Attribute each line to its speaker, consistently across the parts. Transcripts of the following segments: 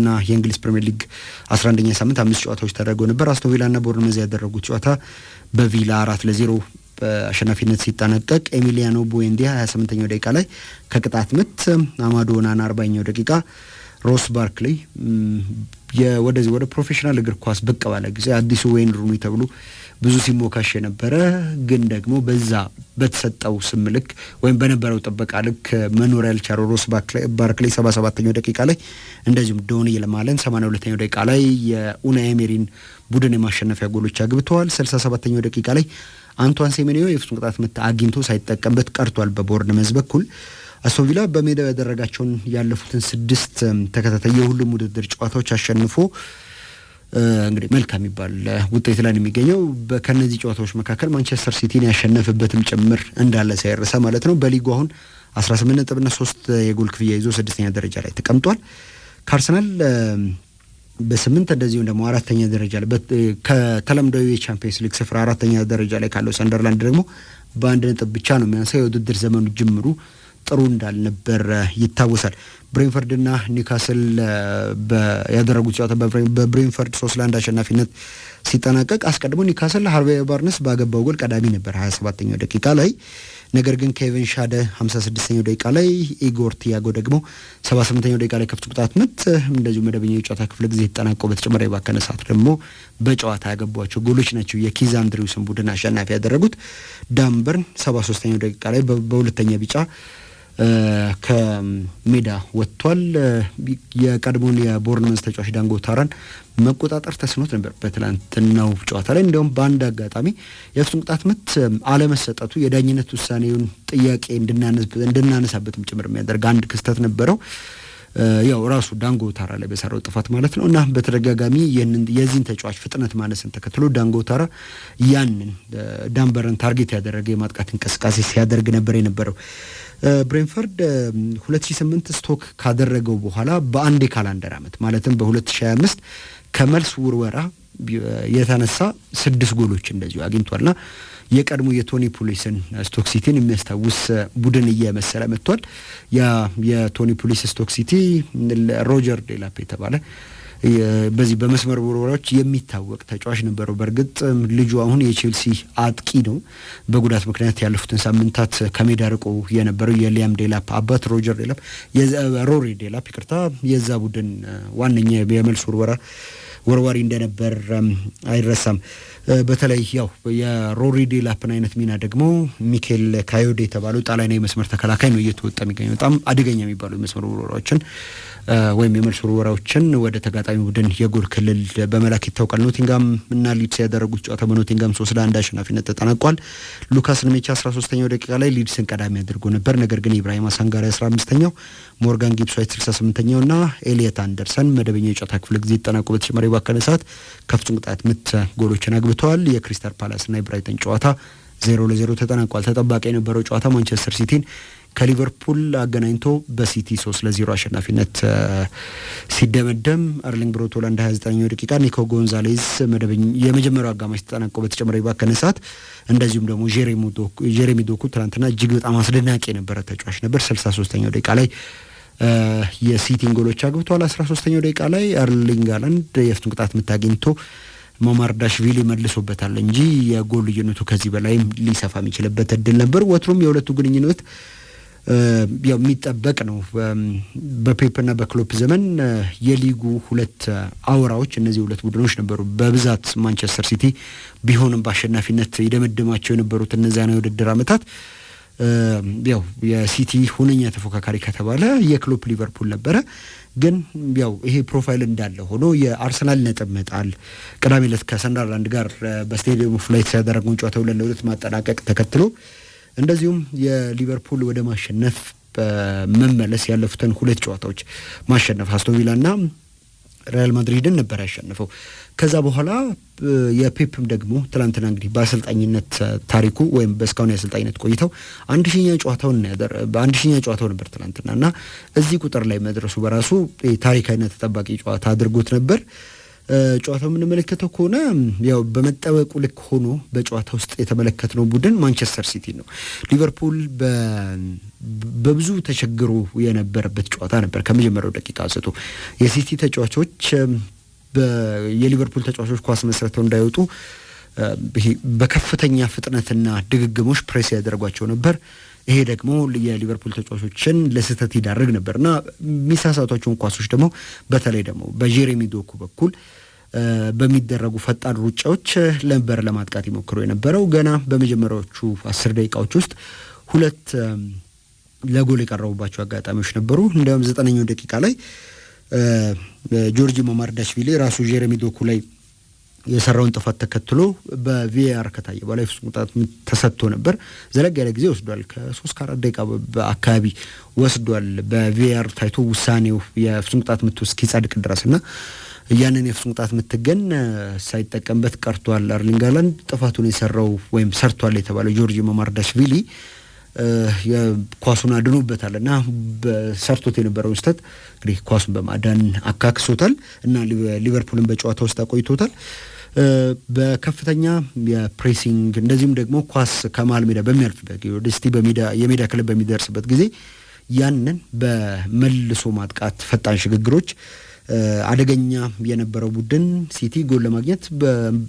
Speaker 1: ትናንትና የእንግሊዝ ፕሪምየር ሊግ 11ኛ ሳምንት አምስት ጨዋታዎች ተደርገው ነበር። አስቶን ቪላ እና ቦርንመዝ ያደረጉት ጨዋታ በቪላ 4 አራት ለዜሮ በአሸናፊነት ሲጠናቀቅ ኤሚሊያኖ ቦዌንዲያ 28ኛው ደቂቃ ላይ ከቅጣት ምት፣ አማዶ ኦናና 40ኛው ደቂቃ፣ ሮስ ባርክሊ ወደዚህ ወደ ፕሮፌሽናል እግር ኳስ ብቅ ባለ ጊዜ አዲሱ ወይን ሩኒ ተብሎ ብዙ ሲሞካሽ የነበረ ግን ደግሞ በዛ በተሰጠው ስም ልክ ወይም በነበረው ጥበቃ ልክ መኖር ያልቻለው ሮስ ባርክሌ 77ኛው ደቂቃ ላይ እንደዚሁም ዶኒ ለማለን 82 ሁለተኛው ደቂቃ ላይ የኡናይ ኤሜሪን ቡድን የማሸነፊያ ጎሎች አግብተዋል ስልሳ ሰባተኛው ደቂቃ ላይ አንቷን ሴሜኒዮ የፍጹም ቅጣት ምት አግኝቶ ሳይጠቀምበት ቀርቷል። መዝ በኩል አስቶን ቪላ በሜዳው ያደረጋቸውን ያለፉትን ስድስት ተከታታይ የሁሉም ውድድር ጨዋታዎች አሸንፎ እንግዲህ መልካም የሚባል ውጤት ላይ የሚገኘው። ከነዚህ ጨዋታዎች መካከል ማንቸስተር ሲቲን ያሸነፈበትም ጭምር እንዳለ ሳይረሳ ማለት ነው። በሊጉ አሁን 18 ነጥብና ሶስት የጎል ክፍያ ይዞ ስድስተኛ ደረጃ ላይ ተቀምጧል። ከአርሰናል በስምንት እንደዚሁም ደግሞ አራተኛ ደረጃ ላይ ከተለምዳዊ የቻምፒየንስ ሊግ ስፍራ አራተኛ ደረጃ ላይ ካለው ሰንደርላንድ ደግሞ በአንድ ነጥብ ብቻ ነው የሚያንሰው። የውድድር ዘመኑ ጅምሩ ጥሩ እንዳልነበር ይታወሳል። ብሬንፈርድ እና ኒውካስል ያደረጉት ጨዋታ በብሬንፈርድ ሶስት ለአንድ አሸናፊነት ሲጠናቀቅ አስቀድሞ ኒውካስል ሀርቬ ባርነስ ባገባው ጎል ቀዳሚ ነበር 27ኛው ደቂቃ ላይ። ነገር ግን ኬቪን ሻደ 56ኛው ደቂቃ ላይ፣ ኢጎር ቲያጎ ደግሞ 78ኛው ደቂቃ ላይ ከፍት ቁጣት ምት እንደዚሁ መደበኛ የጨዋታ ክፍለ ጊዜ ተጠናቆ በተጨማሪ የባከነ ሰዓት ደግሞ በጨዋታ ያገቧቸው ጎሎች ናቸው የኪዝ አንድሪውስን ቡድን አሸናፊ ያደረጉት። ዳንበርን 73ኛው ደቂቃ ላይ በሁለተኛ ቢጫ ከሜዳ ወጥቷል። የቀድሞውን የቦርንመንስ ተጫዋች ዳንጎ ታራን መቆጣጠር ተስኖት ነበር በትላንትናው ጨዋታ ላይ። እንዲሁም በአንድ አጋጣሚ የእሱን ቅጣት ምት አለመሰጠቱ የዳኝነት ውሳኔውን ጥያቄ እንድናነሳበትም ጭምር የሚያደርግ አንድ ክስተት ነበረው። ያው ራሱ ዳንጎታራ ላይ በሰራው ጥፋት ማለት ነው እና በተደጋጋሚ የዚህን ተጫዋች ፍጥነት ማነስን ተከትሎ ዳንጎታራ ያንን ዳንበረን ታርጌት ያደረገ የማጥቃት እንቅስቃሴ ሲያደርግ ነበር የነበረው። ብሬንፈርድ 2008 ስቶክ ካደረገው በኋላ በአንድ የካላንደር ዓመት ማለትም በ2025 ከመልስ ውርወራ የተነሳ ስድስት ጎሎች እንደዚሁ አግኝቷልና የቀድሞ የቶኒ ፑሊስን ስቶክ ሲቲን የሚያስታውስ ቡድን እየመሰለ መጥቷል። ያ የቶኒ ፑሊስ ስቶክ ሲቲ ሮጀር ዴላፕ የተባለ በዚህ በመስመር ውርወራዎች የሚታወቅ ተጫዋች ነበረው። በእርግጥ ልጁ አሁን የቼልሲ አጥቂ ነው። በጉዳት ምክንያት ያለፉትን ሳምንታት ከሜዳ ርቆ የነበረው የሊያም ዴላፕ አባት ሮጀር ዴላፕ፣ ሮሪ ዴላፕ ይቅርታ፣ የዛ ቡድን ዋነኛ የመልስ ውርወራ ወርዋሪ እንደነበር አይረሳም። በተለይ ያው የሮሪ ዴላፕን አይነት ሚና ደግሞ ሚኬል ካዮዴ የተባለው ጣሊያናዊ የመስመር ተከላካይ ነው እየተወጣ የሚገኘው። በጣም አደገኛ የሚባሉ የመስመር ውርወራዎችን ወይም የመልስ ውርወራዎችን ወደ ተጋጣሚ ቡድን የጎል ክልል በመላክ ይታወቃል። ኖቲንጋም እና ሊድስ ያደረጉት ጨዋታ በኖቲንጋም ሶስት ለአንድ አሸናፊነት ተጠናቋል። ሉካስ ንሜቻ አስራ ሶስተኛው ደቂቃ ላይ ሊድስን ቀዳሚ አድርጎ ነበር። ነገር ግን ኢብራሂም አሳንጋሪ አስራ አምስተኛው ሞርጋን ጊብስ ዋይት ስልሳ ስምንተኛው እና ኤልየት አንደርሰን መደበኛ የጨዋታ ክፍለ ጊዜ ተጠናቆ በተጨማሪ ባከነ ሰዓት ከፍጹም ቅጣት ምት ጎሎችን አግብ አግብተዋል። የክሪስታል ፓላስና የብራይተን ጨዋታ ዜሮ ለዜሮ ተጠናቋል። ተጠባቂ የነበረው ጨዋታ ማንቸስተር ሲቲን ከሊቨርፑል አገናኝቶ በሲቲ ሶስት ለዜሮ አሸናፊነት ሲደመደም አርሊንግ ብሮት ሆላንድ ሀያ ኛው ደቂቃ ኒኮ ጎንዛሌዝ መደበኝ የመጀመሪያው አጋማሽ ተጠናቀው በተጨማሪ ባከነ ሰዓት እንደዚሁም ደግሞ ጄሬሚ ዶኩ ትናንትና እጅግ በጣም አስደናቂ የነበረ ተጫዋች ነበር ስልሳ ሶስተኛው ደቂቃ ላይ የሲቲን ጎሎች አግብተዋል። አስራ ሶስተኛው ደቂቃ ላይ አርሊንግ አላንድ የፍቱን ቅጣት ምት አግኝቶ ማማርዳሽቪሊ መልሶበታል እንጂ የጎል ልዩነቱ ከዚህ በላይም ሊሰፋ የሚችልበት እድል ነበር። ወትሮም የሁለቱ ግንኙነት የሚጠበቅ ነው። በፔፕና በክሎፕ ዘመን የሊጉ ሁለት አውራዎች እነዚህ ሁለት ቡድኖች ነበሩ። በብዛት ማንቸስተር ሲቲ ቢሆንም በአሸናፊነት ይደመድማቸው የነበሩት ነው የውድድር ዓመታት ያው የሲቲ ሁነኛ ተፎካካሪ ከተባለ የክሎፕ ሊቨርፑል ነበረ። ግን ያው ይሄ ፕሮፋይል እንዳለ ሆኖ የአርሰናል ነጥብ መጣል ቅዳሜ ዕለት ከሰንዳርላንድ ጋር በስቴዲየም ኦፍ ላይት ያደረገውን ጨዋታ ሁለት ለሁለት ማጠናቀቅ ተከትሎ እንደዚሁም የሊቨርፑል ወደ ማሸነፍ በመመለስ ያለፉትን ሁለት ጨዋታዎች ማሸነፍ አስቶን ቪላ ሪያል ማድሪድን ነበር ያሸነፈው። ከዛ በኋላ የፔፕም ደግሞ ትላንትና እንግዲህ በአሰልጣኝነት ታሪኩ ወይም በእስካሁን የአሰልጣኝነት ቆይተው አንድ ሺኛ ጨዋታውን በአንድ ሺኛ ጨዋታው ነበር ትላንትና እና እዚህ ቁጥር ላይ መድረሱ በራሱ ታሪካዊና ተጠባቂ ጨዋታ አድርጎት ነበር። ጨዋታው የምንመለከተው ከሆነ ያው በመጠበቁ ልክ ሆኖ በጨዋታ ውስጥ የተመለከትነው ቡድን ማንቸስተር ሲቲ ነው። ሊቨርፑል በብዙ ተቸግሮ የነበረበት ጨዋታ ነበር። ከመጀመሪያው ደቂቃ አንስቶ የሲቲ ተጫዋቾች የሊቨርፑል ተጫዋቾች ኳስ መስረተው እንዳይወጡ በከፍተኛ ፍጥነትና ድግግሞች ፕሬስ ያደረጓቸው ነበር። ይሄ ደግሞ የሊቨርፑል ተጫዋቾችን ለስህተት ይዳርግ ነበር እና የሚሳሳቷቸውን ኳሶች ደግሞ በተለይ ደግሞ በጄሬሚ ዶኩ በኩል በሚደረጉ ፈጣን ሩጫዎች ነበር ለማጥቃት ይሞክሩ የነበረው። ገና በመጀመሪያዎቹ አስር ደቂቃዎች ውስጥ ሁለት ለጎል የቀረቡባቸው አጋጣሚዎች ነበሩ። እንዲሁም ዘጠነኛው ደቂቃ ላይ ጆርጂ ማማርዳሽቪሊ ራሱ ጄሬሚ ዶኩ ላይ የሰራውን ጥፋት ተከትሎ በቪአር ከታየ በኋላ የፍጹም ቅጣት ተሰጥቶ ነበር። ዘለግ ያለ ጊዜ ወስዷል። ከሶስት ከአራት ደቂቃ አካባቢ ወስዷል በቪአር ታይቶ ውሳኔው የፍጹም ቅጣት ምት እስኪጸድቅ ድረስ እና ያንን የፍጹም ቅጣት ምትገን ሳይጠቀምበት ቀርቷል። አርሊንግ ሃላንድ ጥፋቱን የሰራው ወይም ሰርቷል የተባለው ጆርጅ ማማርዳሽቪሊ ኳሱን አድኖበታል እና ሰርቶት የነበረውን ስህተት እንግዲህ ኳሱን በማዳን አካክሶታል እና ሊቨርፑልን በጨዋታ ውስጥ አቆይቶታል። በከፍተኛ የፕሬሲንግ እንደዚሁም ደግሞ ኳስ ከመሃል ሜዳ በሚያልፍበት ደስቲ የሜዳ ክለብ በሚደርስበት ጊዜ ያንን በመልሶ ማጥቃት ፈጣን ሽግግሮች አደገኛ የነበረው ቡድን ሲቲ ጎል ለማግኘት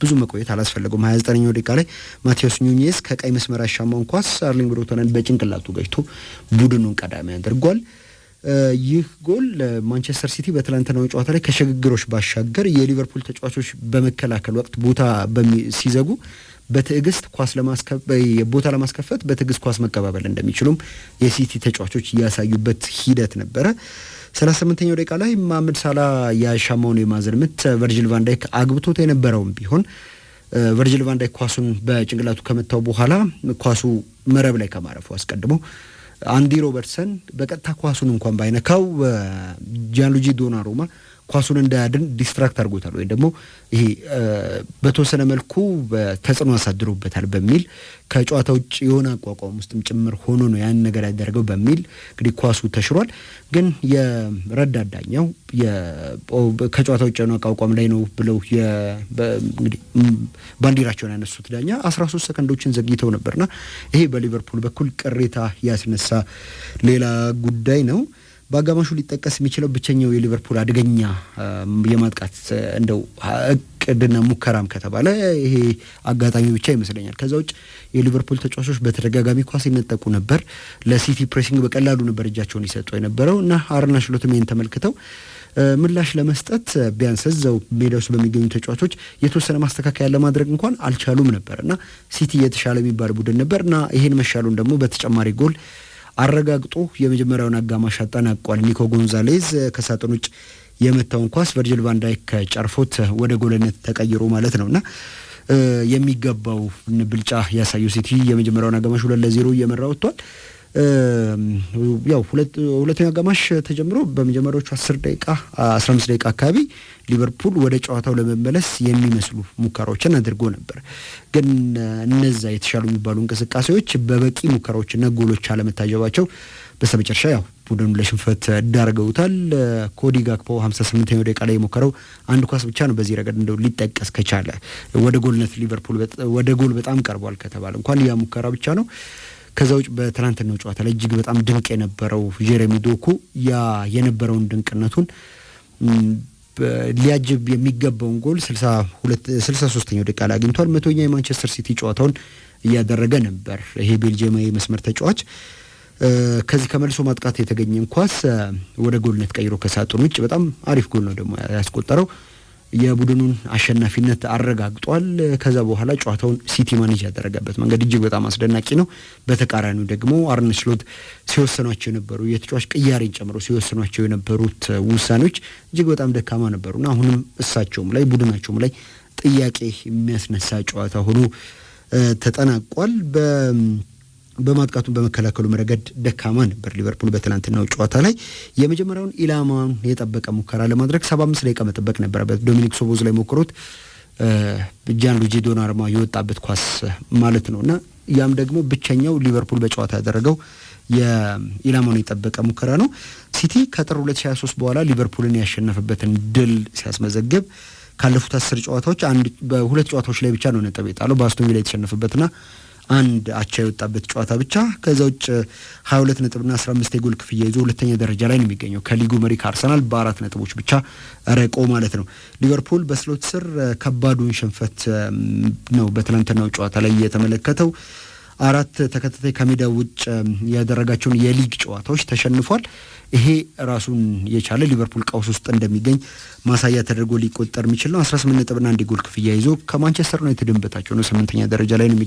Speaker 1: ብዙ መቆየት አላስፈለገውም። 29ኛው ደቂቃ ላይ ማቴዎስ ኑኔዝ ከቀይ መስመር አሻማውን ኳስ አርሊንግ ብሮት በጭንቅላቱ ገጭቶ ቡድኑን ቀዳሚ አድርጓል። ይህ ጎል ለማንቸስተር ሲቲ በትላንትናው ጨዋታ ላይ ከሽግግሮች ባሻገር የሊቨርፑል ተጫዋቾች በመከላከል ወቅት ቦታ ሲዘጉ በትዕግስት ኳስ ቦታ ለማስከፈት በትዕግስት ኳስ መቀባበል እንደሚችሉም የሲቲ ተጫዋቾች ያሳዩበት ሂደት ነበረ። ሰላሳ ስምንተኛው ደቂቃ ላይ ማመድ ሳላ ያሻማውን የማዘን ምት ቨርጅል ቫንዳይክ አግብቶት የነበረውም ቢሆን ቨርጅል ቫንዳይክ ኳሱን በጭንቅላቱ ከመታው በኋላ ኳሱ መረብ ላይ ከማረፉ አስቀድሞ አንዲ ሮበርትሰን በቀጥታ ኳሱን እንኳን ባይነካው ጃንሉጂ ዶናሩማ ኳሱን እንዳያድን ዲስትራክት አድርጎታል ወይም ደግሞ ይሄ በተወሰነ መልኩ ተጽዕኖ አሳድሮበታል በሚል ከጨዋታ ውጭ የሆነ አቋቋም ውስጥም ጭምር ሆኖ ነው ያን ነገር ያደረገው በሚል እንግዲህ ኳሱ ተሽሯል። ግን የረዳት ዳኛው ከጨዋታ ውጭ የሆነ አቋቋም ላይ ነው ብለው ባንዲራቸውን ያነሱት ዳኛ አስራ ሶስት ሰከንዶችን ዘግይተው ነበርና ይሄ በሊቨርፑል በኩል ቅሬታ ያስነሳ ሌላ ጉዳይ ነው። በአጋማሹ ሊጠቀስ የሚችለው ብቸኛው የሊቨርፑል አደገኛ የማጥቃት እንደው እቅድና ሙከራም ከተባለ ይሄ አጋጣሚ ብቻ ይመስለኛል። ከዛ ውጭ የሊቨርፑል ተጫዋቾች በተደጋጋሚ ኳስ ይነጠቁ ነበር። ለሲቲ ፕሬሲንግ በቀላሉ ነበር እጃቸውን ይሰጡ የነበረው እና አርነ ስሎትም ይህን ተመልክተው ምላሽ ለመስጠት ቢያንስ እዛው ሜዳ ውስጥ በሚገኙ ተጫዋቾች የተወሰነ ማስተካከያ ለማድረግ እንኳን አልቻሉም ነበር እና ሲቲ የተሻለ የሚባል ቡድን ነበር እና ይህን መሻሉን ደግሞ በተጨማሪ ጎል አረጋግጦ የመጀመሪያውን አጋማሽ አጠናቋል። ኒኮ ጎንዛሌዝ ከሳጥን ውጭ የመታውን ኳስ ቨርጅል ቫንዳይክ ጨርፎት ወደ ጎልነት ተቀይሮ ማለት ነው እና የሚገባው ብልጫ ያሳዩ ሲቲ የመጀመሪያውን አጋማሽ ሁለት ለዜሮ እየመራ ወጥቷል። ያው ሁለተኛው አጋማሽ ተጀምሮ በመጀመሪያዎቹ አስር ደቂቃ አስራ አምስት ደቂቃ አካባቢ ሊቨርፑል ወደ ጨዋታው ለመመለስ የሚመስሉ ሙከራዎችን አድርጎ ነበር። ግን እነዛ የተሻሉ የሚባሉ እንቅስቃሴዎች በበቂ ሙከራዎችና ጎሎች አለመታጀባቸው በስተመጨረሻ ያው ቡድኑ ለሽንፈት ዳርገውታል። ኮዲ ጋክፖ 58ኛው ደቂቃ ላይ የሞከረው አንድ ኳስ ብቻ ነው። በዚህ ረገድ እንደው ሊጠቀስ ከቻለ ወደ ጎልነት ሊቨርፑል ወደ ጎል በጣም ቀርቧል ከተባለ እንኳን ያ ሙከራ ብቻ ነው። ከዛ ውጭ በትናንትናው ጨዋታ ላይ እጅግ በጣም ድንቅ የነበረው ጀሬሚ ዶኩ ያ የነበረውን ድንቅነቱን ሊያጅብ የሚገባውን ጎል ስልሳ ሶስተኛው ደቂቃ ላይ አግኝቷል። መቶኛ የማንቸስተር ሲቲ ጨዋታውን እያደረገ ነበር። ይሄ ቤልጅየማዊ መስመር ተጫዋች ከዚህ ከመልሶ ማጥቃት የተገኘን ኳስ ወደ ጎልነት ቀይሮ ከሳጥን ውጭ በጣም አሪፍ ጎል ነው ደግሞ ያስቆጠረው። የቡድኑን አሸናፊነት አረጋግጧል። ከዛ በኋላ ጨዋታውን ሲቲ ማኔጅ ያደረገበት መንገድ እጅግ በጣም አስደናቂ ነው። በተቃራኒው ደግሞ አርነ ስሎት ሲወሰኗቸው የነበሩ የተጫዋች ቅያሬን ጨምሮ ሲወሰኗቸው የነበሩት ውሳኔዎች እጅግ በጣም ደካማ ነበሩና አሁንም እሳቸውም ላይ ቡድናቸውም ላይ ጥያቄ የሚያስነሳ ጨዋታ ሆኖ ተጠናቋል። በማጥቃቱን በመከላከሉም ረገድ ደካማ ነበር። ሊቨርፑል በትናንትናው ጨዋታ ላይ የመጀመሪያውን ኢላማውን የጠበቀ ሙከራ ለማድረግ ሰባ አምስት ደቂቃ መጠበቅ ነበረበት። ዶሚኒክ ሶቦዝ ላይ ሞክሮት ሉጂ ዶናርማ የወጣበት ኳስ ማለት ነው እና ያም ደግሞ ብቸኛው ሊቨርፑል በጨዋታ ያደረገው የኢላማውን የጠበቀ ሙከራ ነው። ሲቲ ከጥር 2023 በኋላ ሊቨርፑልን ያሸነፈበትን ድል ሲያስመዘግብ ካለፉት አስር ጨዋታዎች በሁለት ጨዋታዎች ላይ ብቻ ነው ነጥብ የጣለው በአስቶን ቪላ የተሸነፈበትና አንድ አቻ የወጣበት ጨዋታ ብቻ ከዛ ውጭ 22 ነጥብና 15 የጎል ክፍያ ይዞ ሁለተኛ ደረጃ ላይ ነው የሚገኘው ከሊጉ መሪ ከአርሰናል በአራት ነጥቦች ብቻ ረቆ ማለት ነው። ሊቨርፑል በስሎት ስር ከባዱን ሽንፈት ነው በትናንትናው ጨዋታ ላይ የተመለከተው። አራት ተከታታይ ከሜዳ ውጭ ያደረጋቸውን የሊግ ጨዋታዎች ተሸንፏል። ይሄ ራሱን የቻለ ሊቨርፑል ቀውስ ውስጥ እንደሚገኝ ማሳያ ተደርጎ ሊቆጠር የሚችል ነው። ስምንት ነጥብና አንድ የጎል ክፍያ ይዞ ከማንቸስተር ዩናይትድ በታች ነው ስምንተኛ ደረጃ ላይ ነው።